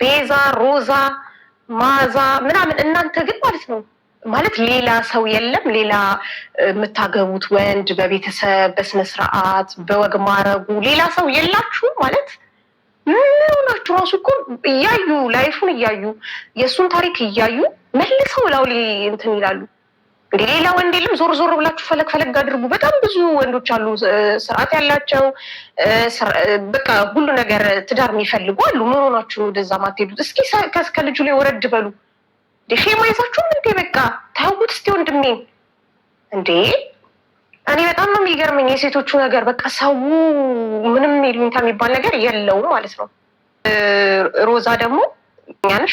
ቤዛ፣ ሮዛ፣ ማዛ ምናምን እናንተ ግን ማለት ነው ማለት ሌላ ሰው የለም። ሌላ የምታገቡት ወንድ በቤተሰብ በስነስርዓት በወግ ማረጉ ሌላ ሰው የላችሁ ማለት ምን ሆናችሁ? ራሱ እኮ እያዩ ላይፉን እያዩ የእሱን ታሪክ እያዩ መልሰው ላውሌ እንትን ይላሉ። ሌላ ወንድ የለም። ዞር ዞር ብላችሁ ፈለግ ፈለግ አድርጉ። በጣም ብዙ ወንዶች አሉ፣ ስርዓት ያላቸው በቃ ሁሉ ነገር ትዳር የሚፈልጉ አሉ። ምን ሆናችሁ ወደዛ ማትሄዱት? እስኪ ከልጁ ላይ ወረድ በሉ። ሼማ ይዛችሁም እንዴ? በቃ ታውቁት እስቲ ወንድሜን እንዴ እኔ በጣም ነው የሚገርመኝ የሴቶቹ ነገር። በቃ ሰው ምንም ይሉኝታ የሚባል ነገር የለውም ማለት ነው። ሮዛ ደግሞ ነሽ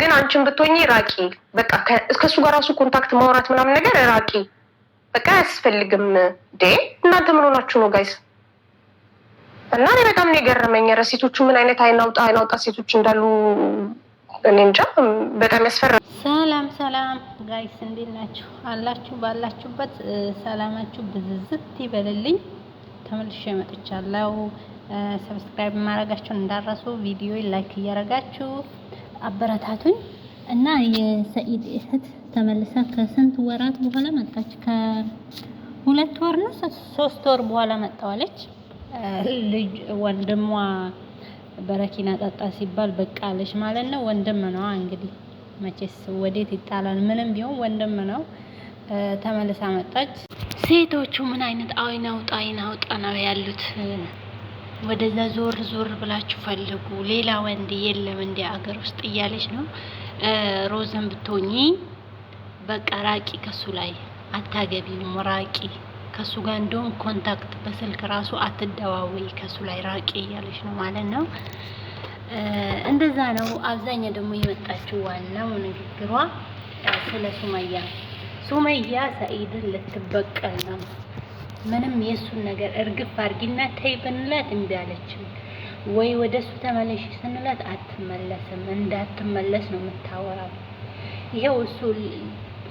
ግን አንቺን ብትሆኚ ራቂ። በቃ እስከሱ ጋር ራሱ ኮንታክት ማውራት ምናምን ነገር ራቂ። በቃ አያስፈልግም። ዴ እናንተ ምን ሆናችሁ ነው ጋይስ? እና እኔ በጣም ነው የገረመኝ። ኧረ ሴቶቹ ምን አይነት አይናውጣ አይናውጣ ሴቶች እንዳሉ እኔ እንጃ፣ በጣም ያስፈራ። ሰላም ሰላም ጋይስ፣ እንዴት ናችሁ አላችሁ? ባላችሁበት ሰላማችሁ ብዝዝት ይበልልኝ። ተመልሼ መጥቻለሁ። ሰብስክራይብ ማድረጋችሁን እንዳረሱ፣ ቪዲዮ ላይክ እያደረጋችሁ አበረታቱኝ እና የሰኢድ እህት ተመልሳ ከስንት ወራት በኋላ መጣች? ከሁለት ወር ነው ሶስት ወር በኋላ መጣዋለች። ልጅ ወንድሟ በረኪና ጠጣ ሲባል በቃለች ማለት ነው። ወንድም ነው እንግዲህ መቼስ ወዴት ይጣላል? ምንም ቢሆን ወንድም ነው። ተመልሳ መጣች። ሴቶቹ ምን አይነት አይናውጣ አይናውጣ ነው ያሉት? ወደዛ ዞር ዞር ብላችሁ ፈልጉ፣ ሌላ ወንድ የለም እንደ አገር ውስጥ እያለች ነው። ሮዘን ብትሆኚ በቃ ራቂ፣ ከሱ ላይ አታገቢውም፣ ራቂ ከሱ ጋር እንደውም ኮንታክት በስልክ ራሱ አትደዋወይ፣ ከሱ ላይ ራቂ እያለች ነው ማለት ነው። እንደዛ ነው። አብዛኛው ደግሞ የመጣችው ዋናው ንግግሯ ስለ ሱመያ ሱመያ ሰኢድን ልትበቀል ነው። ምንም የእሱን ነገር እርግፍ አድርጊና ተይ ብንላት እምቢ አለችው። ወይ ወደ እሱ ተመለሽ ስንላት አትመለስም፣ እንዳትመለስ ነው የምታወራው። ይሄው እሱ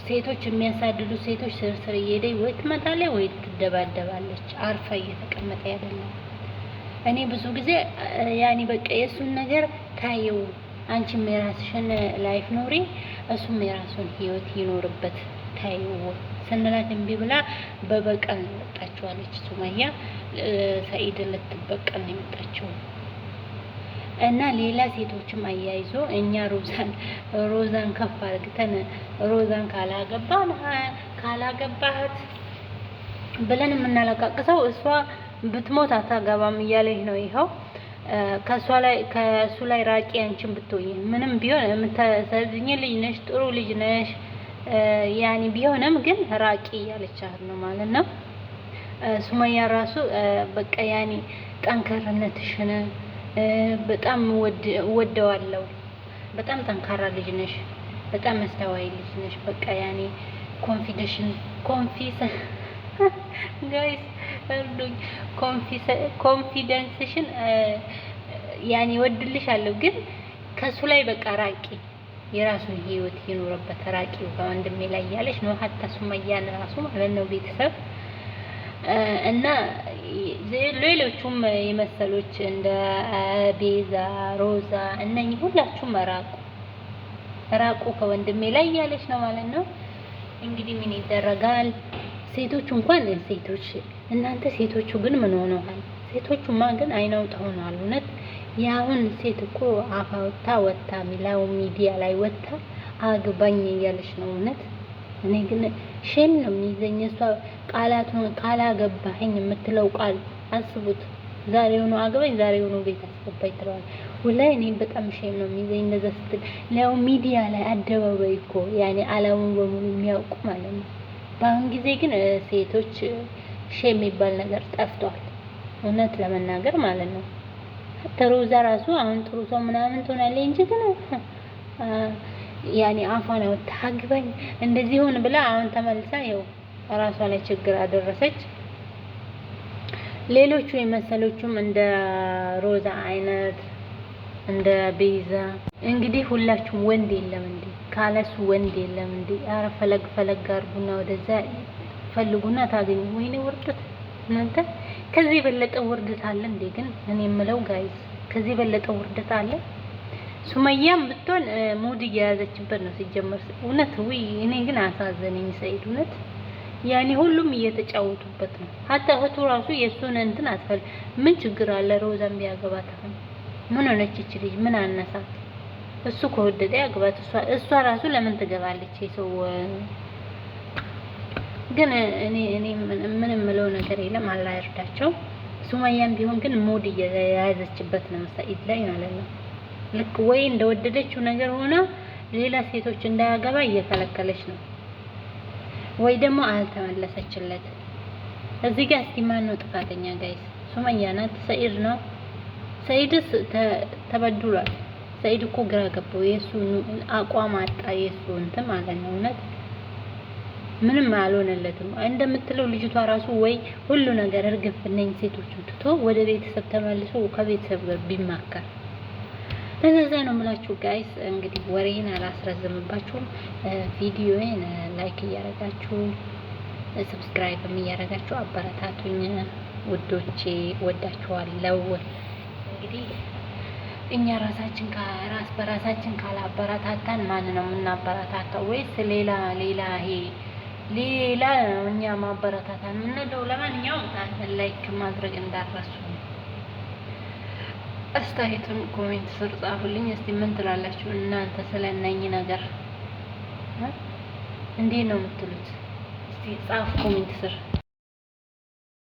ሴቶች የሚያሳድዱ ሴቶች ስር ስር እየሄደኝ ወይ ትመጣለች ወይ ትደባደባለች። አርፋ እየተቀመጠ አይደለም። እኔ ብዙ ጊዜ ያኔ በቃ የእሱን ነገር ታየው፣ አንቺም የራስሽን ላይፍ ኖሪ፣ እሱም የራሱን ህይወት ይኖርበት ታየው ስንላት እምቢ ብላ በበቀል ነው የመጣችው አለች ሱመያ። ሰኢድን ልትበቀል ነው የመጣችው እና ሌላ ሴቶችም አያይዞ እኛ ሮዛን ሮዛን ከፍ አድርግተን ሮዛን ካላገባን ካላገባህት ብለን የምናለቃቅሰው እሷ ብትሞት አታገባም እያለች ነው ይኸው ከሷ ላይ ከሱ ላይ ራቂ አንቺን ብትሆኝ ምንም ቢሆን የምታሳዝኝ ልጅ ነሽ ጥሩ ልጅ ነሽ ያኒ ቢሆንም ግን ራቂ እያለቻት ነው ማለት ነው። ሱመያ ራሱ በቃ ያኒ ጠንካራነትሽን በጣም ወደዋለው። በጣም ጠንካራ ልጅ ነሽ፣ በጣም አስተዋይ ልጅ ነሽ። በቃ ያኒ ኮንፊደሽን ኮንፊስ ጋይስ እርዱኝ። ኮንፊደንስሽን ያኒ አለው ግን ከሱ ላይ በቃ ራቂ የራሱን ህይወት ይኖረበት ራቂው ከወንድሜ ላይ እያለች ነው። ሀታ ሱመያን ራሱ ማለት ነው ቤተሰብ እና ሌሎቹም የመሰሎች እንደ ቤዛ፣ ሮዛ እነኚህ ሁላችሁም ራቁ ራቁ ከወንድሜ ላይ እያለች ነው ማለት ነው። እንግዲህ ምን ይደረጋል? ሴቶቹ እንኳን ሴቶች እናንተ ሴቶቹ ግን ምን ሆነዋል? ሴቶቹማ ግን አይናውጥ ሆነዋል እውነት የአሁን ሴት እኮ አፋውታ ወታ ሚላው ሚዲያ ላይ ወታ አግባኝ እያለች ነው። እውነት እኔ ግን ሽን ነው የሚይዘኝ እሷ ቃላቱን ካላገባኸኝ የምትለው ቃል አስቡት። ዛሬ ሆኖ አግባኝ፣ ዛሬ ሆኖ ቤት አስገባኝ ትለዋል። ወላሂ እኔ በጣም ሽን ነው የሚይዘኝ እንደዛ ስትል። ለው ሚዲያ ላይ አደባባይ እኮ ያኔ አላሙን በሙሉ የሚያውቁ ማለት ነው። በአሁን ጊዜ ግን ሴቶች ሼም የሚባል ነገር ጠፍቷል፣ እውነት ለመናገር ማለት ነው። ተሮዛ ራሱ አሁን ጥሩ ሰው ምናምን ትሆናለች እንጂ ግን ያኔ አፏን አውጥታ አግባኝ እንደዚህ ሆን ብላ አሁን ተመልሳ ያው ራሷ ላይ ችግር አደረሰች። ሌሎቹ የመሰሎቹም እንደ ሮዛ አይነት እንደ ቤዛ እንግዲህ ሁላችሁም ወንድ የለም እንዴ? ካለሱ ወንድ የለም እንዴ? አረ ፈለግ ፈለግ አድርጉና ወደዛ ፈልጉና ታገኙ። ወይኔ ውርደት እናንተ ከዚህ የበለጠ ውርደት አለ እንዴ? ግን እኔ የምለው ጋይዝ ከዚህ የበለጠ ውርደት አለ? ሱመያም ብትሆን ሙድ እየያዘችበት ነው ሲጀመር። እውነት ውይ፣ እኔ ግን አሳዘነኝ ሰይድ እውነት። ያኔ ሁሉም እየተጫወቱበት ነው። ሀታ እህቱ ራሱ የእሱን እንትን አትፈል። ምን ችግር አለ ሮዛም ቢያገባት? ምን ሆነች እች ልጅ? ምን አነሳት? እሱ ከወደደ ያገባት። እሷ ራሱ ለምን ትገባለች የሰው ግን እኔ እኔ ምን የምለው ነገር የለም። አላህ ይርዳቸው። ሱማያም ቢሆን ግን ሙድ እየያዘችበት ነው ሰኢድ ላይ ማለት ነው። ልክ ወይ እንደወደደችው ነገር ሆነ ሌላ ሴቶች እንዳያገባ እየከለከለች ነው፣ ወይ ደግሞ አልተመለሰችለት። እዚህ ጋር እስቲ ማን ነው ጥፋተኛ? ጋይስ ሱማያ ናት? ሰኢድ ነው? ሰኢድስ ተበድሏል። ሰኢድ እኮ ግራ ገባው። የእሱ አቋም አጣ። የሱ እንትን ማለት ነው እውነት ምንም አልሆነለትም። እንደምትለው ልጅቷ ራሱ ወይ ሁሉ ነገር እርግፍ ነኝ ሴቶቹን ትቶ ወደ ቤተሰብ ተመልሶ ከቤተሰብ ጋር ቢማከር በነዛ ነው የምላችሁ። ጋይስ እንግዲህ ወሬን አላስረዝምባችሁም። ቪዲዮዬን ላይክ እያረጋችሁ ሰብስክራይብም እያረጋችሁ አበረታቱኝ ውዶቼ፣ ወዳችኋለሁ። እንግዲህ እኛ ራሳችን ከራስ በራሳችን ካላበረታታን ማን ነው የምናበረታታው? ወይስ ሌላ ሌላ ይሄ ሌላ እኛ ማበረታታ ነው እንለው። ለማንኛውም ላይክ ማድረግ እንዳረሱ አስተያየቱን ኮሜንት ስር ጻፉልኝ። እስቲ ምን ትላላችሁ እናንተ ስለነኝ ነገር እንዴት ነው የምትሉት? እስቲ ጻፍ ኮሜንት ስር